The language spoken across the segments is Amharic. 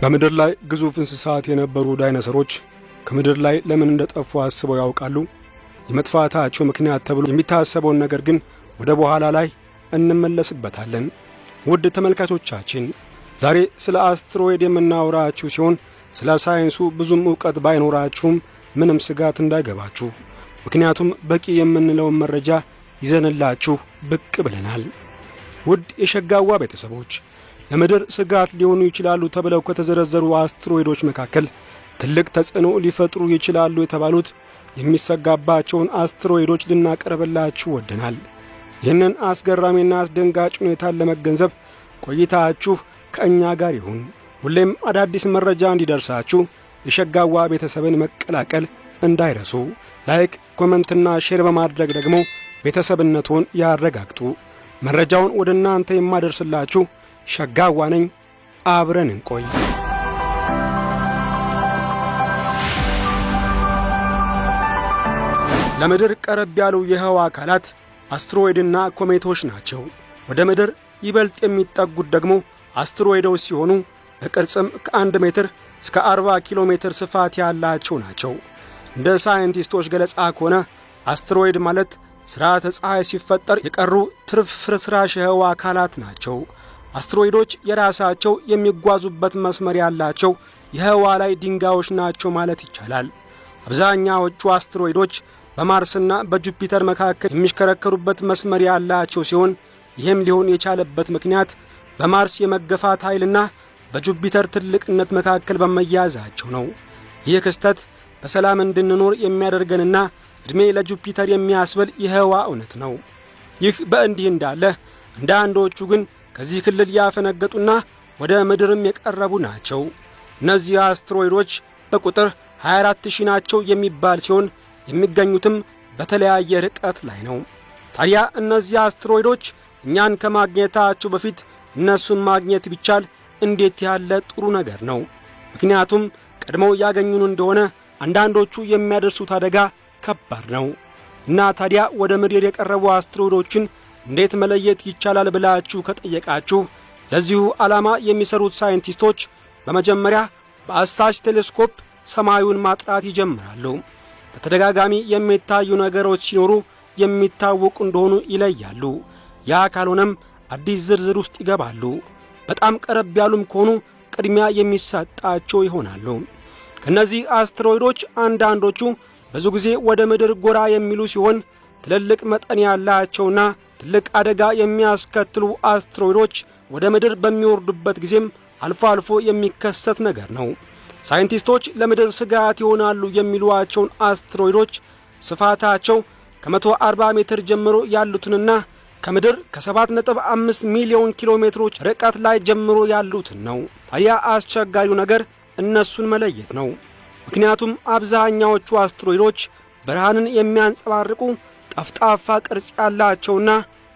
በምድር ላይ ግዙፍ እንስሳት የነበሩ ዳይኖሰሮች ከምድር ላይ ለምን እንደጠፉ አስበው ያውቃሉ? የመጥፋታቸው ምክንያት ተብሎ የሚታሰበውን ነገር ግን ወደ በኋላ ላይ እንመለስበታለን። ውድ ተመልካቾቻችን ዛሬ ስለ አስትሮይድ የምናወራችሁ ሲሆን ስለ ሳይንሱ ብዙም እውቀት ባይኖራችሁም ምንም ስጋት እንዳይገባችሁ፣ ምክንያቱም በቂ የምንለውን መረጃ ይዘንላችሁ ብቅ ብለናል። ውድ የሸጋዋ ቤተሰቦች ለምድር ስጋት ሊሆኑ ይችላሉ ተብለው ከተዘረዘሩ አስትሮይዶች መካከል ትልቅ ተጽዕኖ ሊፈጥሩ ይችላሉ የተባሉት የሚሰጋባቸውን አስትሮይዶች ልናቀርብላችሁ ወደናል። ይህንን አስገራሚና አስደንጋጭ ሁኔታን ለመገንዘብ ቆይታችሁ ከእኛ ጋር ይሁን። ሁሌም አዳዲስ መረጃ እንዲደርሳችሁ የሸጋዋ ቤተሰብን መቀላቀል እንዳይረሱ። ላይክ፣ ኮመንትና ሼር በማድረግ ደግሞ ቤተሰብነቱን ያረጋግጡ። መረጃውን ወደ እናንተ የማደርስላችሁ ሸጋዋ ነኝ። አብረን እንቆይ። ለምድር ቀረብ ያሉ የህዋ አካላት አስትሮይድና ኮሜቶች ናቸው። ወደ ምድር ይበልጥ የሚጠጉት ደግሞ አስትሮይዶች ሲሆኑ በቅርጽም ከአንድ ሜትር እስከ 40 ኪሎ ሜትር ስፋት ያላቸው ናቸው። እንደ ሳይንቲስቶች ገለጻ ከሆነ አስትሮይድ ማለት ሥርዓተ ፀሐይ ሲፈጠር የቀሩ ትርፍ ፍርስራሽ የህዋ አካላት ናቸው። አስትሮይዶች የራሳቸው የሚጓዙበት መስመር ያላቸው የህዋ ላይ ድንጋዮች ናቸው ማለት ይቻላል። አብዛኛዎቹ አስትሮይዶች በማርስና በጁፒተር መካከል የሚሽከረከሩበት መስመር ያላቸው ሲሆን ይህም ሊሆን የቻለበት ምክንያት በማርስ የመገፋት ኃይልና በጁፒተር ትልቅነት መካከል በመያዛቸው ነው። ይህ ክስተት በሰላም እንድንኖር የሚያደርገንና ዕድሜ ለጁፒተር የሚያስብል የህዋ እውነት ነው። ይህ በእንዲህ እንዳለ አንዶቹ ግን ከዚህ ክልል ያፈነገጡና ወደ ምድርም የቀረቡ ናቸው። እነዚህ አስትሮይዶች በቁጥር 24 ሺህ ናቸው የሚባል ሲሆን የሚገኙትም በተለያየ ርቀት ላይ ነው። ታዲያ እነዚህ አስትሮይዶች እኛን ከማግኘታቸው በፊት እነሱን ማግኘት ቢቻል እንዴት ያለ ጥሩ ነገር ነው። ምክንያቱም ቀድመው ያገኙን እንደሆነ አንዳንዶቹ የሚያደርሱት አደጋ ከባድ ነው እና ታዲያ ወደ ምድር የቀረቡ አስትሮይዶችን እንዴት መለየት ይቻላል ብላችሁ ከጠየቃችሁ ለዚሁ ዓላማ የሚሰሩት ሳይንቲስቶች በመጀመሪያ በአሳሽ ቴሌስኮፕ ሰማዩን ማጥራት ይጀምራሉ። በተደጋጋሚ የሚታዩ ነገሮች ሲኖሩ የሚታወቁ እንደሆኑ ይለያሉ። ያ ካልሆነም አዲስ ዝርዝር ውስጥ ይገባሉ። በጣም ቀረብ ያሉም ከሆኑ ቅድሚያ የሚሰጣቸው ይሆናሉ። ከእነዚህ አስትሮይዶች አንዳንዶቹ ብዙ ጊዜ ወደ ምድር ጎራ የሚሉ ሲሆን ትልልቅ መጠን ያላቸውና ትልቅ አደጋ የሚያስከትሉ አስትሮይዶች ወደ ምድር በሚወርዱበት ጊዜም አልፎ አልፎ የሚከሰት ነገር ነው። ሳይንቲስቶች ለምድር ስጋት ይሆናሉ የሚሏቸውን አስትሮይዶች ስፋታቸው ከ140 ሜትር ጀምሮ ያሉትንና ከምድር ከ7.5 ሚሊዮን ኪሎ ሜትሮች ርቀት ላይ ጀምሮ ያሉትን ነው። ታዲያ አስቸጋሪው ነገር እነሱን መለየት ነው። ምክንያቱም አብዛኛዎቹ አስትሮይዶች ብርሃንን የሚያንጸባርቁ ጠፍጣፋ ቅርጽ ያላቸውና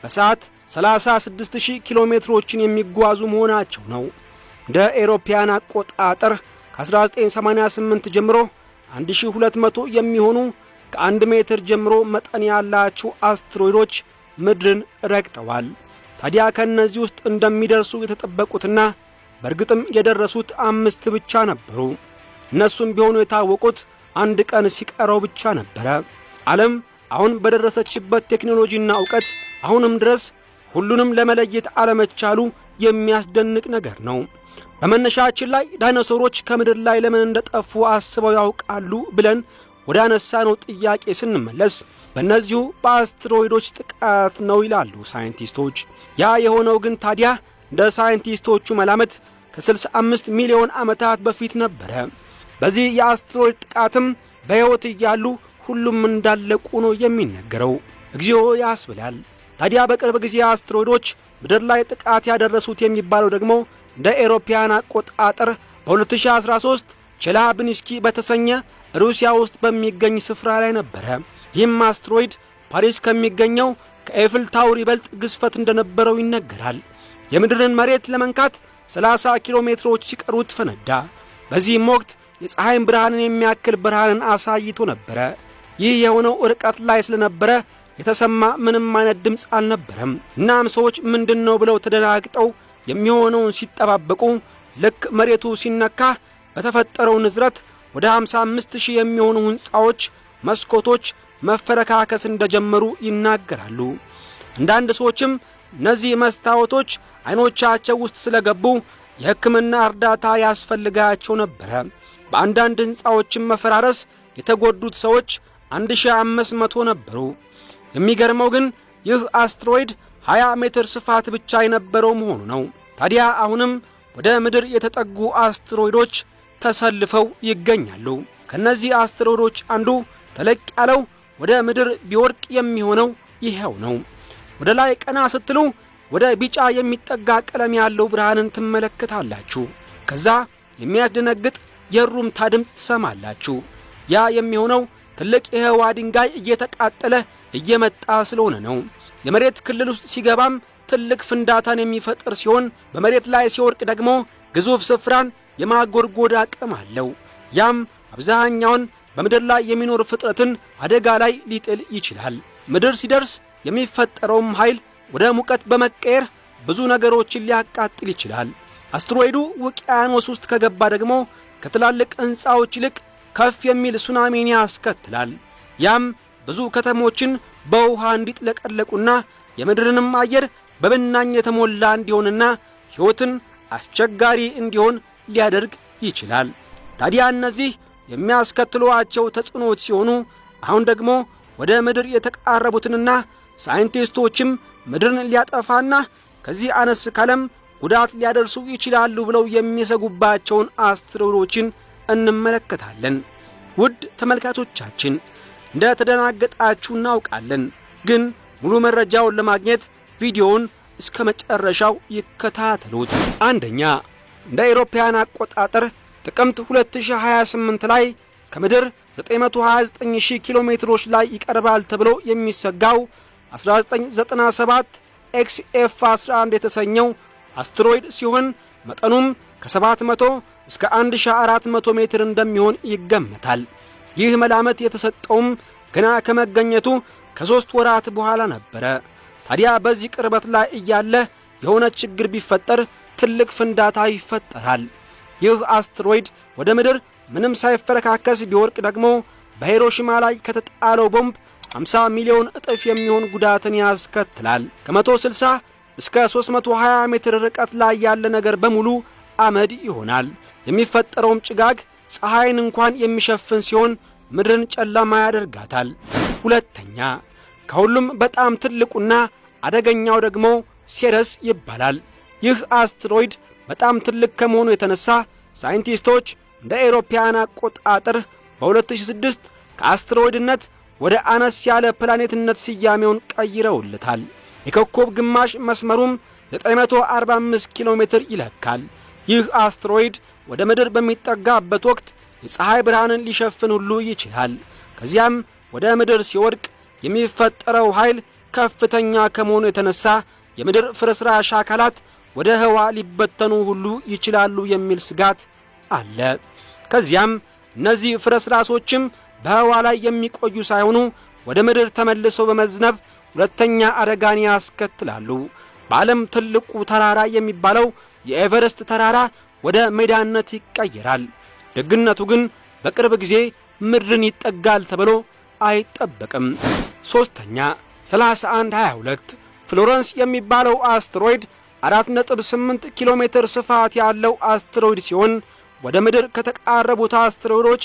በሰዓት 36000 ኪሎ ሜትሮችን የሚጓዙ መሆናቸው ነው። እንደ ኤሮፓያን አቆጣጠር ከ1988 ጀምሮ 1200 የሚሆኑ ከአንድ ሜትር ጀምሮ መጠን ያላቸው አስትሮይዶች ምድርን ረግጠዋል። ታዲያ ከእነዚህ ውስጥ እንደሚደርሱ የተጠበቁትና በእርግጥም የደረሱት አምስት ብቻ ነበሩ። እነሱም ቢሆኑ የታወቁት አንድ ቀን ሲቀረው ብቻ ነበረ። ዓለም አሁን በደረሰችበት ቴክኖሎጂና ዕውቀት አሁንም ድረስ ሁሉንም ለመለየት አለመቻሉ የሚያስደንቅ ነገር ነው። በመነሻችን ላይ ዳይኖሰሮች ከምድር ላይ ለምን እንደጠፉ አስበው ያውቃሉ ብለን ወደ አነሳነው ጥያቄ ስንመለስ በእነዚሁ በአስትሮይዶች ጥቃት ነው ይላሉ ሳይንቲስቶች። ያ የሆነው ግን ታዲያ እንደ ሳይንቲስቶቹ መላመት ከ65 ሚሊዮን ዓመታት በፊት ነበረ። በዚህ የአስትሮይድ ጥቃትም በሕይወት እያሉ ሁሉም እንዳለቁ ነው የሚነገረው። እግዚኦ ያስብላል። ታዲያ በቅርብ ጊዜ አስትሮይዶች ምድር ላይ ጥቃት ያደረሱት የሚባለው ደግሞ እንደ ኤሮፓያን አቆጣጠር በ2013 ቼላብኒስኪ በተሰኘ ሩሲያ ውስጥ በሚገኝ ስፍራ ላይ ነበረ። ይህም አስትሮይድ ፓሪስ ከሚገኘው ከኤፍል ታውር ይበልጥ ግዝፈት እንደነበረው ይነገራል። የምድርን መሬት ለመንካት 30 ኪሎ ሜትሮች ሲቀሩት ፈነዳ። በዚህም ወቅት የፀሐይን ብርሃንን የሚያክል ብርሃንን አሳይቶ ነበረ። ይህ የሆነው ርቀት ላይ ስለነበረ የተሰማ ምንም አይነት ድምፅ አልነበረም። እናም ሰዎች ምንድን ነው ብለው ተደናግጠው የሚሆነውን ሲጠባበቁ ልክ መሬቱ ሲነካ በተፈጠረው ንዝረት ወደ 55 ሺህ የሚሆኑ ሕንፃዎች መስኮቶች መፈረካከስ እንደጀመሩ ይናገራሉ። አንዳንድ ሰዎችም እነዚህ መስታወቶች ዐይኖቻቸው ውስጥ ስለገቡ የሕክምና እርዳታ ያስፈልጋቸው ነበረ። በአንዳንድ ሕንፃዎችም መፈራረስ የተጎዱት ሰዎች 1500 ነበሩ። የሚገርመው ግን ይህ አስትሮይድ 20 ሜትር ስፋት ብቻ የነበረው መሆኑ ነው። ታዲያ አሁንም ወደ ምድር የተጠጉ አስትሮይዶች ተሰልፈው ይገኛሉ። ከነዚህ አስትሮይዶች አንዱ ተለቅ ያለው ወደ ምድር ቢወርቅ የሚሆነው ይኸው ነው። ወደ ላይ ቀና ስትሉ ወደ ቢጫ የሚጠጋ ቀለም ያለው ብርሃንን ትመለከታላችሁ። ከዛ የሚያስደነግጥ የሩምታ ድምፅ ትሰማላችሁ። ያ የሚሆነው ትልቅ የህዋ ድንጋይ እየተቃጠለ እየመጣ ስለሆነ ነው። የመሬት ክልል ውስጥ ሲገባም ትልቅ ፍንዳታን የሚፈጥር ሲሆን በመሬት ላይ ሲወርቅ ደግሞ ግዙፍ ስፍራን የማጎድጎድ አቅም አለው። ያም አብዛኛውን በምድር ላይ የሚኖር ፍጥረትን አደጋ ላይ ሊጥል ይችላል። ምድር ሲደርስ የሚፈጠረውም ኃይል ወደ ሙቀት በመቀየር ብዙ ነገሮችን ሊያቃጥል ይችላል። አስትሮይዱ ውቅያኖስ ውስጥ ከገባ ደግሞ ከትላልቅ ሕንፃዎች ይልቅ ከፍ የሚል ሱናሚን ያስከትላል። ያም ብዙ ከተሞችን በውሃ እንዲጥለቀለቁና የምድርንም አየር በብናኝ የተሞላ እንዲሆንና ሕይወትን አስቸጋሪ እንዲሆን ሊያደርግ ይችላል። ታዲያ እነዚህ የሚያስከትሏቸው ተጽዕኖዎች ሲሆኑ አሁን ደግሞ ወደ ምድር የተቃረቡትንና ሳይንቲስቶችም ምድርን ሊያጠፋና ከዚህ አነስ ካለም ጉዳት ሊያደርሱ ይችላሉ ብለው የሚሰጉባቸውን አስትሮይዶችን እንመለከታለን። ውድ ተመልካቾቻችን እንደ ተደናገጣችሁ እናውቃለን። ግን ሙሉ መረጃውን ለማግኘት ቪዲዮውን እስከ መጨረሻው ይከታተሉት። አንደኛ እንደ አውሮፓውያን አቆጣጠር ጥቅምት 2028 ላይ ከምድር 929000 ኪሎ ሜትሮች ላይ ይቀርባል ተብሎ የሚሰጋው 1997 ኤክስኤፍ 11 የተሰኘው አስትሮይድ ሲሆን መጠኑም ከ700 እስከ 1400 ሜትር እንደሚሆን ይገመታል። ይህ መላመት የተሰጠውም ገና ከመገኘቱ ከሦስት ወራት በኋላ ነበረ። ታዲያ በዚህ ቅርበት ላይ እያለ የሆነ ችግር ቢፈጠር ትልቅ ፍንዳታ ይፈጠራል። ይህ አስትሮይድ ወደ ምድር ምንም ሳይፈረካከስ ቢወርቅ ደግሞ በሂሮሺማ ላይ ከተጣለው ቦምብ 50 ሚሊዮን እጥፍ የሚሆን ጉዳትን ያስከትላል። ከ160 እስከ 320 ሜትር ርቀት ላይ ያለ ነገር በሙሉ አመድ ይሆናል። የሚፈጠረውም ጭጋግ ፀሐይን እንኳን የሚሸፍን ሲሆን ምድርን ጨለማ ያደርጋታል። ሁለተኛ ከሁሉም በጣም ትልቁና አደገኛው ደግሞ ሴረስ ይባላል። ይህ አስትሮይድ በጣም ትልቅ ከመሆኑ የተነሳ ሳይንቲስቶች እንደ ኤሮፓያን አቆጣጠር በ2006 ከአስትሮይድነት ወደ አነስ ያለ ፕላኔትነት ስያሜውን ቀይረውልታል። የኮከብ ግማሽ መስመሩም 945 ኪሎ ሜትር ይለካል። ይህ አስትሮይድ ወደ ምድር በሚጠጋበት ወቅት የፀሐይ ብርሃንን ሊሸፍን ሁሉ ይችላል። ከዚያም ወደ ምድር ሲወድቅ የሚፈጠረው ኃይል ከፍተኛ ከመሆኑ የተነሳ የምድር ፍርስራሽ አካላት ወደ ህዋ ሊበተኑ ሁሉ ይችላሉ የሚል ስጋት አለ። ከዚያም እነዚህ ፍርስራሶችም በህዋ ላይ የሚቆዩ ሳይሆኑ ወደ ምድር ተመልሰው በመዝነብ ሁለተኛ አደጋን ያስከትላሉ። በዓለም ትልቁ ተራራ የሚባለው የኤቨረስት ተራራ ወደ ሜዳነት ይቀየራል። ደግነቱ ግን በቅርብ ጊዜ ምድርን ይጠጋል ተብሎ አይጠበቅም። ሦስተኛ 3122 ፍሎረንስ የሚባለው አስትሮይድ 4.8 ኪሎ ሜትር ስፋት ያለው አስትሮይድ ሲሆን ወደ ምድር ከተቃረቡት አስትሮይዶች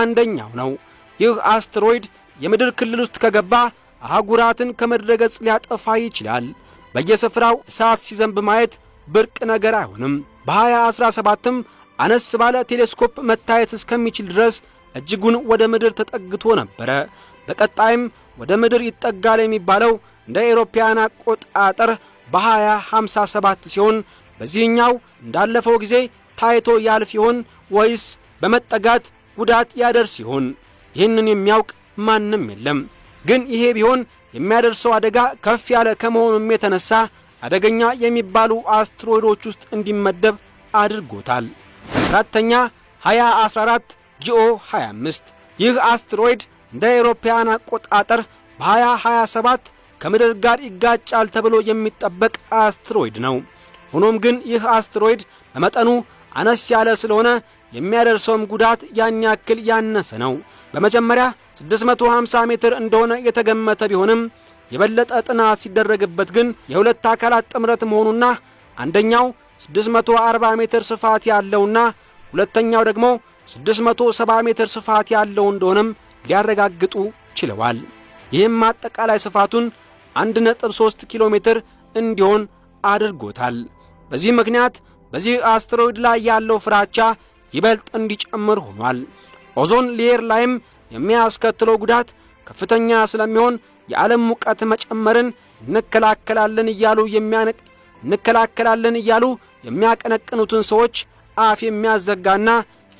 አንደኛው ነው። ይህ አስትሮይድ የምድር ክልል ውስጥ ከገባ አህጉራትን ከምድረ ገጽ ሊያጠፋ ይችላል። በየስፍራው እሳት ሲዘንብ ማየት ብርቅ ነገር አይሆንም። በ2017ም አነስ ባለ ቴሌስኮፕ መታየት እስከሚችል ድረስ እጅጉን ወደ ምድር ተጠግቶ ነበረ። በቀጣይም ወደ ምድር ይጠጋል የሚባለው እንደ ኤሮፓያን አቆጣጠር በ2057 ሲሆን በዚህኛው እንዳለፈው ጊዜ ታይቶ ያልፍ ይሆን ወይስ በመጠጋት ጉዳት ያደርስ ይሆን? ይህንን የሚያውቅ ማንም የለም። ግን ይሄ ቢሆን የሚያደርሰው አደጋ ከፍ ያለ ከመሆኑም የተነሳ አደገኛ የሚባሉ አስትሮይዶች ውስጥ እንዲመደብ አድርጎታል። አራተኛ 2014 ጂኦ 25 ይህ አስትሮይድ እንደ አውሮፓውያን አቆጣጠር በ2027 ከምድር ጋር ይጋጫል ተብሎ የሚጠበቅ አስትሮይድ ነው። ሆኖም ግን ይህ አስትሮይድ በመጠኑ አነስ ያለ ስለሆነ የሚያደርሰውም ጉዳት ያን ያክል ያነሰ ነው። በመጀመሪያ 650 ሜትር እንደሆነ የተገመተ ቢሆንም የበለጠ ጥናት ሲደረግበት ግን የሁለት አካላት ጥምረት መሆኑና አንደኛው 640 ሜትር ስፋት ያለውና ሁለተኛው ደግሞ 670 ሜትር ስፋት ያለው እንደሆነም ሊያረጋግጡ ችለዋል። ይህም አጠቃላይ ስፋቱን 1.3 ኪሎ ሜትር እንዲሆን አድርጎታል። በዚህ ምክንያት በዚህ አስትሮይድ ላይ ያለው ፍራቻ ይበልጥ እንዲጨምር ሆኗል። ኦዞን ሌየር ላይም የሚያስከትለው ጉዳት ከፍተኛ ስለሚሆን የዓለም ሙቀት መጨመርን እንከላከላለን እያሉ የሚያነቅ እንከላከላለን እያሉ የሚያቀነቅኑትን ሰዎች አፍ የሚያዘጋና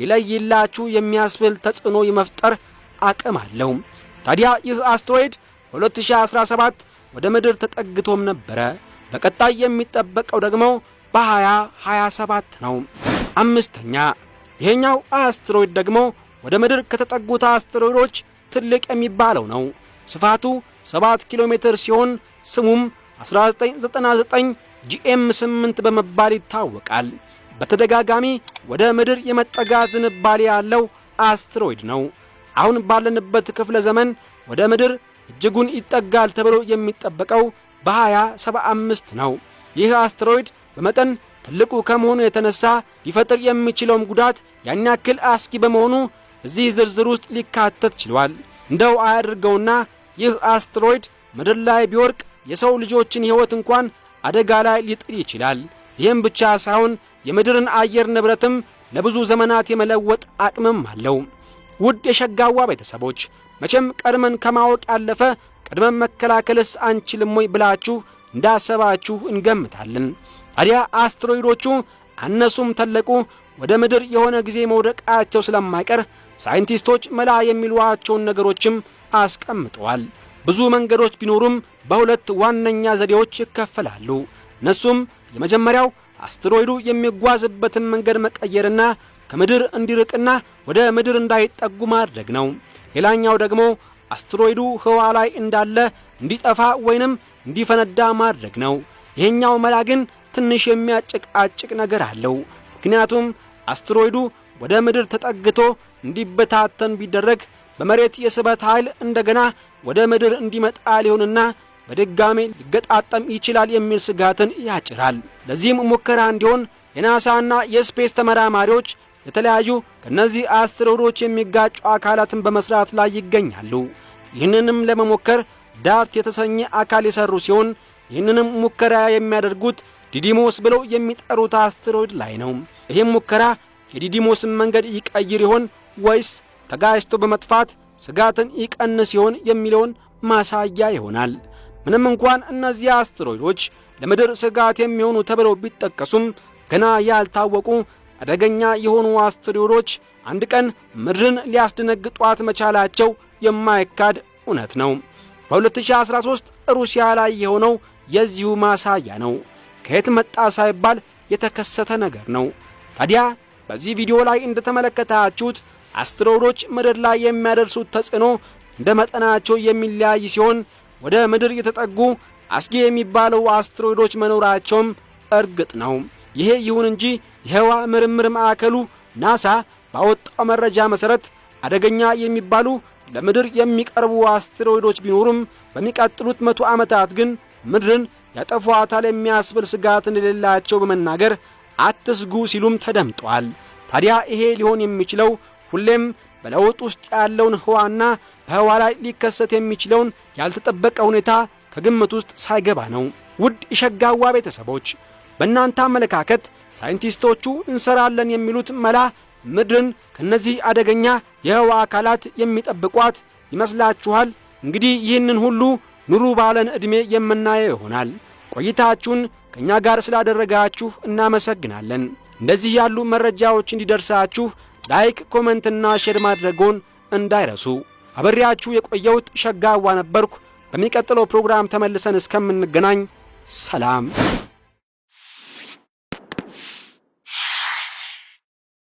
ይለይላችሁ የሚያስብል ተጽዕኖ የመፍጠር አቅም አለው። ታዲያ ይህ አስትሮይድ በ2017 ወደ ምድር ተጠግቶም ነበረ። በቀጣይ የሚጠበቀው ደግሞ በ2027 ነው። አምስተኛ ይሄኛው አስትሮይድ ደግሞ ወደ ምድር ከተጠጉት አስትሮይዶች ትልቅ የሚባለው ነው። ስፋቱ 7 ኪሎ ሜትር ሲሆን ስሙም 1999 ጂኤም 8 በመባል ይታወቃል። በተደጋጋሚ ወደ ምድር የመጠጋ ዝንባሌ ያለው አስትሮይድ ነው። አሁን ባለንበት ክፍለ ዘመን ወደ ምድር እጅጉን ይጠጋል ተብሎ የሚጠበቀው በ2075 ነው። ይህ አስትሮይድ በመጠን ትልቁ ከመሆኑ የተነሳ ሊፈጥር የሚችለውም ጉዳት ያን ያክል አስጊ በመሆኑ እዚህ ዝርዝር ውስጥ ሊካተት ችሏል። እንደው አያድርገውና ይህ አስትሮይድ ምድር ላይ ቢወርቅ የሰው ልጆችን ሕይወት እንኳን አደጋ ላይ ሊጥል ይችላል። ይህም ብቻ ሳይሆን የምድርን አየር ንብረትም ለብዙ ዘመናት የመለወጥ አቅምም አለው። ውድ የሸጋዋ ቤተሰቦች መቼም ቀድመን ከማወቅ ያለፈ ቀድመን መከላከልስ አንችልም ወይ ብላችሁ እንዳሰባችሁ እንገምታለን። ታዲያ አስትሮይዶቹ አነሱም ተለቁ ወደ ምድር የሆነ ጊዜ መውደቃቸው ስለማይቀር ሳይንቲስቶች መላ የሚሏቸውን ነገሮችም አስቀምጠዋል። ብዙ መንገዶች ቢኖሩም በሁለት ዋነኛ ዘዴዎች ይከፈላሉ። እነሱም የመጀመሪያው አስትሮይዱ የሚጓዝበትን መንገድ መቀየርና ከምድር እንዲርቅና ወደ ምድር እንዳይጠጉ ማድረግ ነው። ሌላኛው ደግሞ አስትሮይዱ ህዋ ላይ እንዳለ እንዲጠፋ ወይንም እንዲፈነዳ ማድረግ ነው። ይህኛው መላ ግን ትንሽ የሚያጭቃጭቅ ነገር አለው። ምክንያቱም አስትሮይዱ ወደ ምድር ተጠግቶ እንዲበታተን ቢደረግ በመሬት የስበት ኃይል እንደገና ወደ ምድር እንዲመጣ ሊሆንና በድጋሜ ሊገጣጠም ይችላል የሚል ስጋትን ያጭራል። ለዚህም ሙከራ እንዲሆን የናሳና የስፔስ ተመራማሪዎች የተለያዩ ከእነዚህ አስትሮይዶች የሚጋጩ አካላትን በመስራት ላይ ይገኛሉ። ይህንንም ለመሞከር ዳርት የተሰኘ አካል የሰሩ ሲሆን ይህንንም ሙከራ የሚያደርጉት ዲዲሞስ ብለው የሚጠሩት አስትሮይድ ላይ ነው። ይህም ሙከራ የዲዲሞስን መንገድ ይቀይር ይሆን ወይስ ተጋጅቶ በመጥፋት ስጋትን ይቀንስ ይሆን የሚለውን ማሳያ ይሆናል። ምንም እንኳን እነዚህ አስትሮይዶች ለምድር ስጋት የሚሆኑ ተብለው ቢጠቀሱም ገና ያልታወቁ አደገኛ የሆኑ አስትሮይዶች አንድ ቀን ምድርን ሊያስደነግጧት መቻላቸው የማይካድ እውነት ነው። በ2013 ሩሲያ ላይ የሆነው የዚሁ ማሳያ ነው። ከየት መጣ ሳይባል የተከሰተ ነገር ነው። ታዲያ በዚህ ቪዲዮ ላይ እንደተመለከታችሁት አስትሮይዶች ምድር ላይ የሚያደርሱት ተጽዕኖ እንደ መጠናቸው የሚለያይ ሲሆን ወደ ምድር የተጠጉ አስጊ የሚባለው አስትሮይዶች መኖራቸውም እርግጥ ነው። ይሄ ይሁን እንጂ የህዋ ምርምር ማዕከሉ ናሳ ባወጣው መረጃ መሠረት አደገኛ የሚባሉ ለምድር የሚቀርቡ አስትሮይዶች ቢኖሩም በሚቀጥሉት መቶ ዓመታት ግን ምድርን ያጠፏታል የሚያስብል ስጋት እንደሌላቸው በመናገር አትስጉ ሲሉም ተደምጧል። ታዲያ ይሄ ሊሆን የሚችለው ሁሌም በለውጥ ውስጥ ያለውን ህዋና በህዋ ላይ ሊከሰት የሚችለውን ያልተጠበቀ ሁኔታ ከግምት ውስጥ ሳይገባ ነው። ውድ የሸጋዋ ቤተሰቦች በእናንተ አመለካከት ሳይንቲስቶቹ እንሰራለን የሚሉት መላ ምድርን ከእነዚህ አደገኛ የህዋ አካላት የሚጠብቋት ይመስላችኋል? እንግዲህ ይህንን ሁሉ ኑሩ ባለን ዕድሜ የምናየው ይሆናል። ቆይታችሁን ከእኛ ጋር ስላደረጋችሁ እናመሰግናለን። እንደዚህ ያሉ መረጃዎች እንዲደርሳችሁ ላይክ፣ ኮመንትና ሼር ማድረጎን እንዳይረሱ። አበሬያችሁ የቆየሁት ሸጋዋ ነበርኩ። በሚቀጥለው ፕሮግራም ተመልሰን እስከምንገናኝ ሰላም